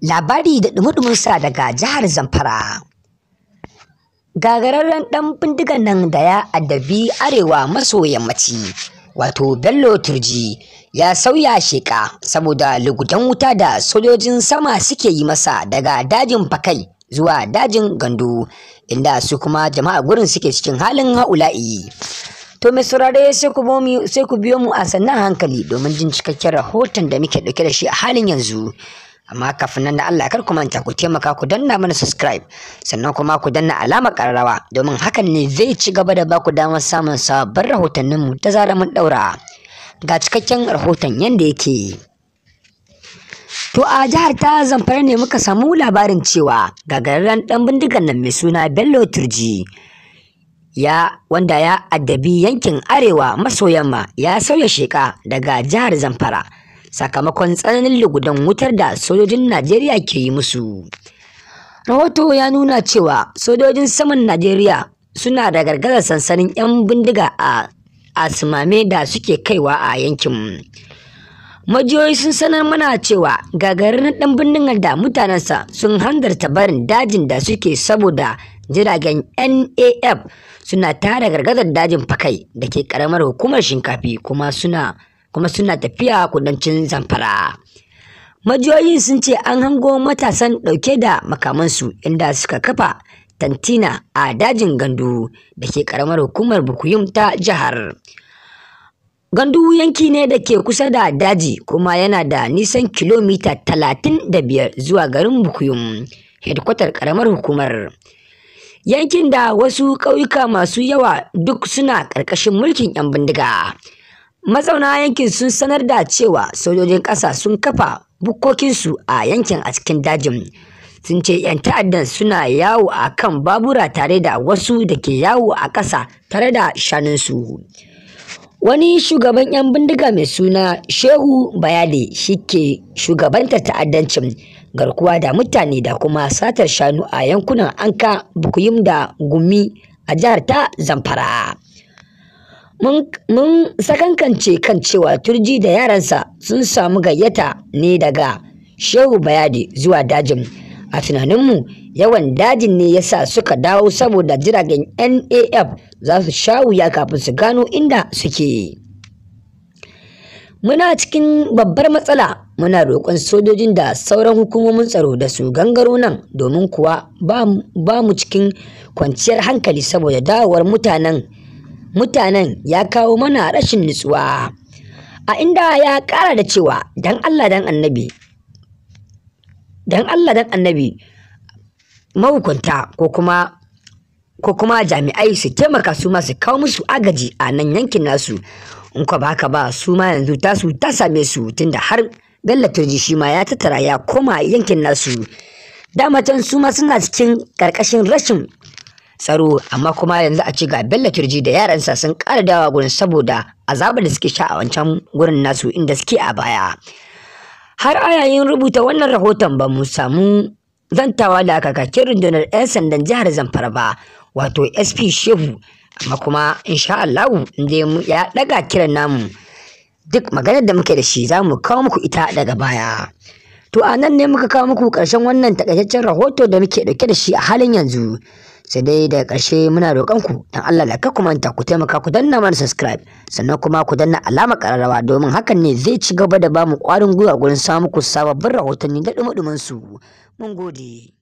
labari da sa daga jihar zamfara gagararren ɗan bindigan nan da ya addabi arewa maso yammaci wato bello turji ya sauya sheƙa saboda lugudan wuta da sojojin sama suke yi masa daga dajin fakai zuwa dajin gandu inda su kuma jama'a gurin suke cikin halin haula'i to mai saurare sai ku biyo mu a sannan hankali domin jin cikakken rahoton da muke ɗauke da shi a halin yanzu amma kafin nan da Allah kar ku manta ku taimaka ku danna mana subscribe sannan kuma ku danna alamar ƙararrawa, domin hakan ne zai ci gaba da baku damar samun rahotannin mu ta zarar mun daura ga cikakken rahoton yanda yake To a jihar ta zamfara ne muka samu labarin cewa gagararren dan bindigan nan mai suna Bello Turji ya wanda ya addabi yankin arewa maso yamma ya sauya sheka daga jihar Zamfara. sakamakon tsananin lugudan wutar da sojojin Najeriya ke yi musu. Rahoto ya nuna cewa sojojin saman Najeriya suna da gargazar sansanin 'yan bindiga a asimame da suke kaiwa a yankin. Majiyoyi sun sanar mana cewa gagarin ɗan bindigar da mutanensa sun hanzarta barin dajin da suke saboda jiragen NAF suna tara gargazar dajin fakai da ke karamar hukumar shinkafi kuma suna kuma suna tafiya kudancin zamfara majiyoyin sun ce an hango matasan ɗauke da makamansu inda suka kafa tantina a dajin gandu da ke karamar hukumar bukuyum ta jihar gandu yanki ne da ke kusa da daji kuma yana da nisan kilomita talatin da biyar zuwa garin bukuyum hedkwatar ƙaramar hukumar yankin da wasu ƙauyuka masu yawa duk suna ƙarƙashin mulkin 'yan bindiga Mazauna yankin sun sanar da cewa sojojin ƙasa sun kafa bukkokinsu a yankin a cikin dajin. Sun ce 'yan ta'addan suna yawo a kan babura tare da wasu da ke yawo a ƙasa tare da shanunsu. Wani shugaban 'yan bindiga mai suna Shehu Bayale shi ke shugabanta ta'addancin garkuwa da mutane da kuma satar shanu a yankunan Anka, Bukuyum da Gumi a jihar ta Zamfara. Mun sakankance kan cewa Turji da yaransa sun samu gayyata ne daga Shehu Bayadi zuwa dajin. A tunaninmu, yawan dajin ne ya sa suka dawo saboda jiragen NAF za su sha wuya kafin su gano inda suke. Muna cikin babbar matsala muna roƙon sojojin da sauran hukumomin tsaro da su gangaro nan domin kuwa ba mu cikin kwanciyar hankali saboda dawowar mutanen mutanen ya kawo mana rashin nutsuwa a inda ya ƙara da cewa dan Allah dan annabi dan Allah dan annabi mahukunta ko kuma ko kuma jami'ai su taimaka su su kawo musu agaji a nan yankin nasu in ba haka ba su ma yanzu tasu ta same su tunda har Bello Turji shi ma ya tattara ya koma yankin nasu dama can su ma suna cikin karkashin rashin tsaro amma kuma yanzu a ce ga Bello kirji da yaransa sun ƙara dawa gurin saboda azabar da suke sha a wancan gurin nasu inda suke a baya. Har a yayin rubuta wannan rahoton ba mu samu zantawa da kakakin rundunar 'yan sandan jihar Zamfara ba wato SP Shehu amma kuma insha Allahu ya ɗaga kiran namu duk maganar da muke da shi za mu kawo muku ita daga baya. To a nan ne muka kawo muku ƙarshen wannan takaitaccen rahoto da muke ɗauke da shi a halin yanzu. sai dai da ƙarshe muna ku, don Allah da ku manta ku taimaka ku danna mana subscribe sannan kuma ku danna alama ƙararrawa domin hakan ne zai ci gaba da bamu ƙwarin gwiwa gurin samu ku sababbin rahotanni da ɗumi su mun gode